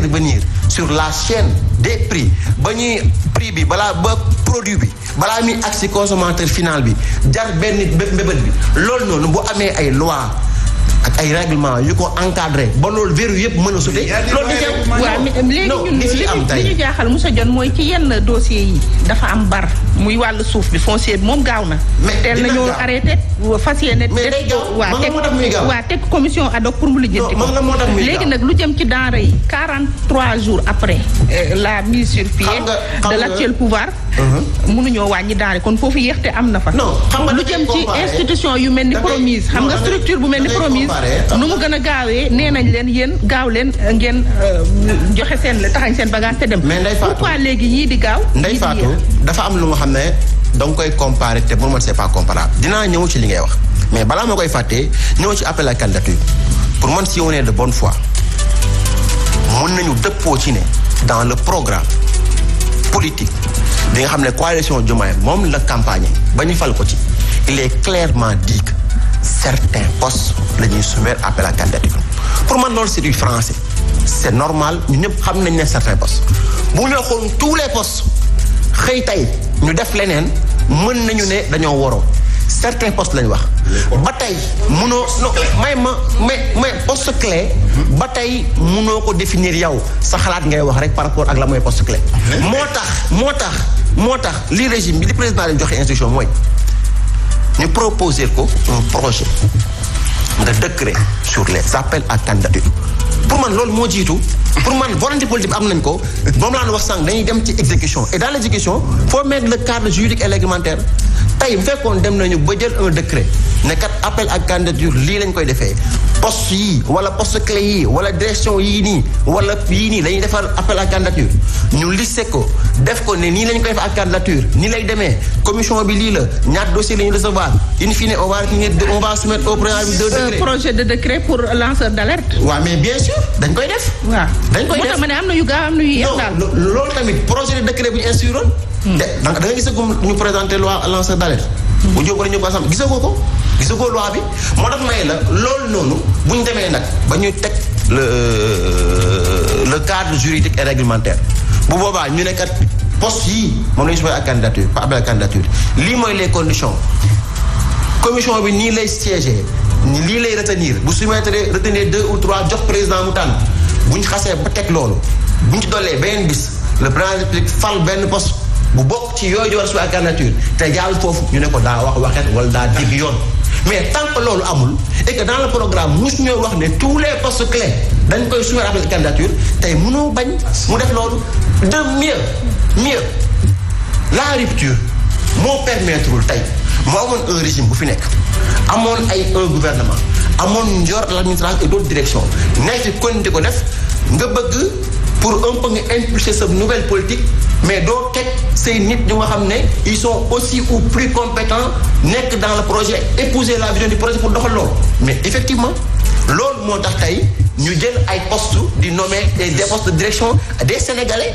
intervenir sur la chaine des prix ba ñuy prix bi balaa ba produit bi balaa muy agsi consommateur final bi jar benn bépp bi loolu noonu bu amee ay loi ak ay règlement yu ko encadré ba loolu verrou yëpp mën a sute loolu di am léegi ñun li ñu jaaxal monsieur Dione mooy ci yenn dossiers yi dafa am bar muy wàll suuf bi foncier bi moom gaaw na teel nañoo arrêté fas yéene waa teg waa teg commission ad hoc pour mu lijjanti ko léegi nag lu jëm ci denrée yi quarante trois jours après euh, la mise sur pied de l'actuel pouvoir uh-huh. mënuñoo wàññi denrée kon foofu yéexte am na fa lu jëm ci institution yu mel ni promise xam nga structure bu mel ni promise nu mu gën a gaawee nee nañ leen yéen gaaw leen euh, ngeen euh, joxe seen taxañ seen bagage te dem. mais Ndeye Fatou pourquoi léegi yii di gaaw. Ndeye Fatou dafa am lu nga xam ne danga koy comparer te pour man c'est pas comparable. dinaa ñëw ci li ngay wax mais balaa moo koy fàttee ñëw ci appel à candidature pour man si wonee est de bonne foi mën nañu dëppoo ci ne dans le programme politique bi nga xam ne coalition Diomaye moom la campagne ba ñu fal ko ci il clairement dit certains postes la ñuy soumettre appel à candidature pour man loolu c'est du français c'est normal ñu ñëpp xam nañ ne certains postes bu ñu xool tous les postes xëy tey ñu def leneen mën nañu ne dañoo waroo certains postes lañ wax ba tey munoo may ma mais mais poste clé ba tey munoo ko définir yow sa xalaat ngay wax rek par rapport ak la mooy poste clé moo tax moo tax moo tax li régime bi li président lañ joxe instruction mooy ñu proposer ko un projet de décret sur les appels ak candidature pour man loolu moo jiitu pour man volonté politique am nañ ko moom laa wax sànq dañuy dem ci exécution et dans l' exécution faut mettre le cadre juridique et réglementaire tey bu fekkoon dem nañu ba jël un décret ne kat appel ak candidature lii lañ koy defee poste yi wala post clé yii wala direction yii nii wala yii nii lañuy defar appel ak candidature ñu liste ko def ko ne nii lañ koy def ak candidature nii lay demee commission bi lii la ñaata dossier la ñu recevoir in fine on va on va soumettre au préalable deux décrets. projet de décret pour lanceur d'alerte. waaw mais bien sûr dañ koy def. waaw dañ koy def moo tax ma ne am na yu gaaw am na yu yem daal. loolu tamit projet de décret bu ñu instauroon. Hmm. te da nga gis que ñu présenté loi lanceur d'alerte. bu hmm. jóg wala ñu ko assemblée gise ko. gisagoo loi bi moo tax may la loolu noonu bu ñu demee nag ba ñu teg le euh, le cadre juridique et réglementaire bu ñu ne post yii moom la ñu soumettre à candidature par appel à candidature lii mooy les conditions commission bi nii lay siéger lii lay retenir bu soumettre retenir deux ou trois jox président mu tànn bu ñu xasee ba teg loolu bu ñu ci dollee beneen bis le président de fal benn poste bu bokk ci yooyu di war soumettre candidature te jàll foofu ñu ne ko daa wax waxet wala daa dig yoon. mais tant que loolu amul et que dans le programme mosu ñoo wax ne tous les postes clés dañ koy soumettre appel de candidature tey mënoo bañ mu def loolu de mieux mieux la rupture moo permettreul tey moo amoon un régime bu fi nekk amoon ay un gouvernement amoon njor l'administration et d'autres direction nekk ci ko def nga bëgg pour un peu nga impulser sa nouvelle politique mais doo teg say nit ñu nga xam ne il sont aussi ou plus compétents nekk dans le projet épouser la vision du projet pour doxal loolu mais effectivement loolu moo tax tey ñu jël ay postes di nommer des postes de direction des Sénégalais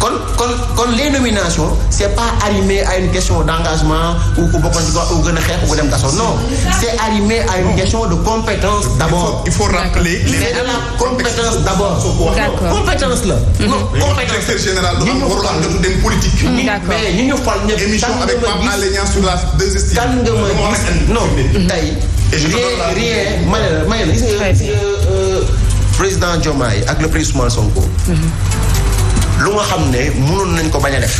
kon kon kon les nominations c' est pas arrimé à une question d' engagement ou ku bokkoon ci gën a xeex ku dem kaso non c' est arrimé à une question de compétence d' abord. il faut rappeler les compétence d' abord. compétence la. non mmh. compétence directeur général de la dem politique. mais ñu ñu fal ñëpp. émission avec Pape Alé Niang sur la 2STV. kan nga ma gis non ma ne la ma ne la gis nga euh, président Diomaye ak le président Ousmane Sonko. Mmh. lu nga xam ne mënoon nañ ko bañ a def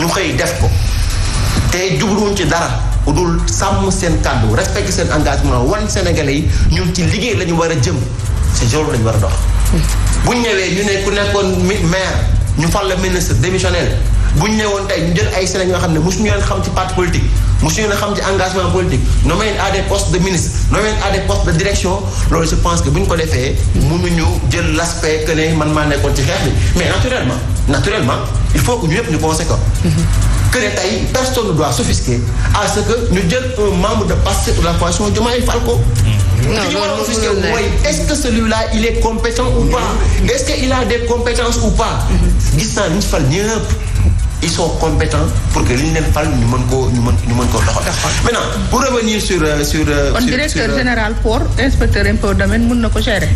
ñu xëy def ko te jubluwuñ ci dara ku dul sàmm seen kàddu respecté seen engagement wan Sénégalais yi ñun ci liggéey la ñu war a jëm ci loolu la war a dox. bu ñëwee ñu ne ku nekkoon maire ñu fal la ministre démissionnel. bu ñu ñëwoon tey ñu jël ay Sénégal yoo xam ne mosuñu leen xam ci parti politique mosuñu leen xam ci engagement politique nommé leen à des postes de ministre nommé leen à des de direction loolu je pense bu ñu ko defee mënuñu jël l' aspect man maa nekkoon ci xeex bi mais naturellement naturellement il faut que ñu yëpp ñu conséquent que ne tey personne ne doit s'offusquer à ce que ñu jël un membre de Pastef de la coalition Diomaye Faye ko non li ñu war a offusquer mooy est-ce que celui-là il est il sont compétents pour que li ñu leen fal ñu mën koo ñu mën ñu mën koo doxal. maintenant pour revenir sur euh, sur. Euh, kon directeur euh, général port inspecteur impôt domaine mën na ko gérer.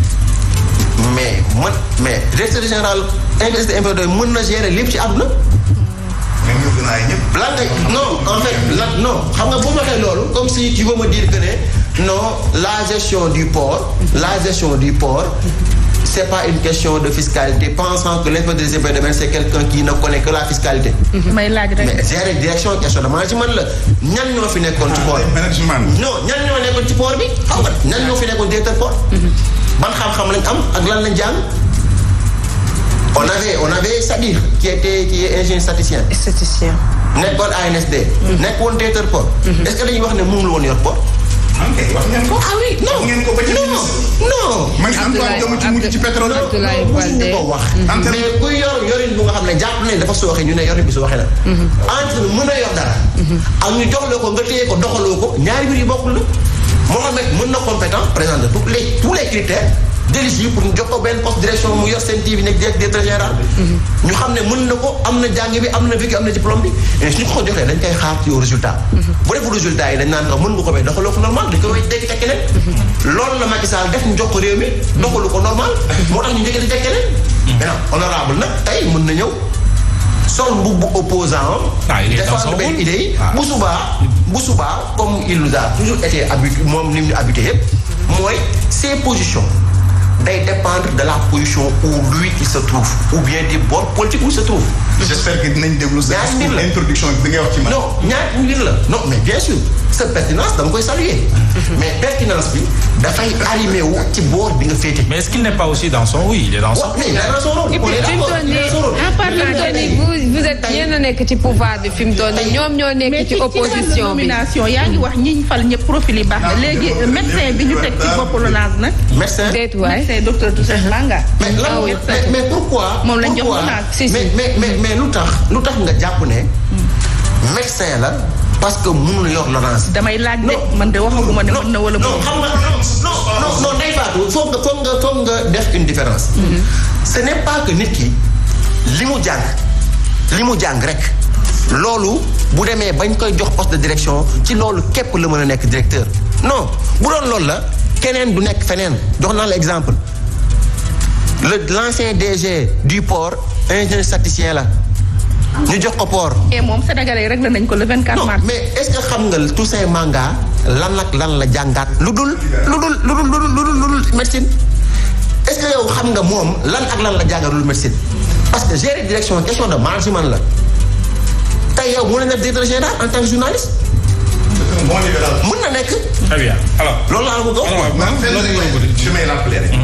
mais man mais directeur général investi impôt domaine mën na gérer lépp ci àdduna. même a ay ñëpp. lan nga non en fait lan non xam nga boo ma waxee loolu comme si tu veux me dire que ne non la gestion du port. la gestion du port. c'est pas une question de fiscalité pensant que l'inspecteur des impôts et domaines c'est quelqu'un qui ne connaît la fiscalité. Mhm. may laaj rek mais gérer direction question de management la ñan ñoo fi nekkoon ci port ah, ñoo nekkoon ci port bi xaw nga ñan ñoo fi nekkoon directeur port mhm. ban xam-xam lañ am ak lan lañ jàng on avait on avait Sadir qui était qui est ingénieur statisticien. statisticien. nekkoon ANSD. Mhm. nekkoon directeur port. est-ce que dañuy wax ne moom la woon yor port. ok wax ngeen ko. Oh, ah oui non ngeen ko ba mhm. bu nga xam ne jàpp nañ dafa sooxe ñu ne yorin bi su waxee la. Mhm. entre mën a yor dara. Mhm. ak ñu jox ko nga téye ko doxaloo ko ñaari mbir yi bokkul. Mohamed mën na compétent présente tous les tous les critères. délige pour ñu jox ko benn poste direction mu yor seen TV nekk directeur général mhm. ñu xam ne mën na ko am na jàng bi am na vécu am na diplôme bi mais suñu ko joxee dañ koy xaar ci yow résultat mhm. bu deful résultat yi dañ naan ko mën nga ko mais doxaloo ko normal dañ ko way dégg ko réew mi ko mhm. moo tax ñu njëkkee di ca keneen maintenant honorable tey mën na ñëw sol mbubbu opposant ah, défendre benn idée yi ah. bu subaa bu subaa comme il nous a toujours été habitué moom ni mu ñu habitué yëpp mooy ses position day dépendre de la position où lui il se trouve ou bien du bord politique où il se trouve. j'espère que dinañ déglu. ñaari mbir la introduction bi nga wax ci man. non ñaari mbir la non mais bien sa pertinence dama koy saluer. mais pertinence bi dafay arrimé wu ci boor bi nga féete. mais est-ce qu'il n'est pas aussi dans son oui il est dans son. de vous nekk ci pouvoir bi fi mu toll nii ñoo nekk ci opposition wax ñi ñu ñëpp profil yi baax na ah, léegi bi ñu teg ci bopp LONASE nag. médecin déet waay médecin docteur ah moom lañ jox LONASE mais mais mais lu tax lu tax nga jàpp ne. Hmm. médecin la. parce que mënul yor l'orange. damay laaj de man de waxaguma ne mën na wala. non xam nga non non non day faatu foog nga foog nga foog nga def une différence. Mhm. ce n'est pas que nit ki li mu jàng li mu jàng rek. loolu bu demee bañ koy jox poste de direction ci loolu képp la mën a nekk directeur non bu doon loolu la keneen du nekk feneen jox naa la exemple le l'ancien DG du port ingénieur statisticien la. ñu jox ko port. et moom sénégalais rek la nañ ko la 24 mars. non mais est-ce que xam nga Toussaint Manga lan ak lan la jàngaat lu dul lu dul lu dul lu dul lu dul médecine est-ce que yow xam nga moom lan ak lan la jàngaat lu médecine parce que gérer direction question de management la tey yow mën na nekk directeur général en tant que nekk. loolu la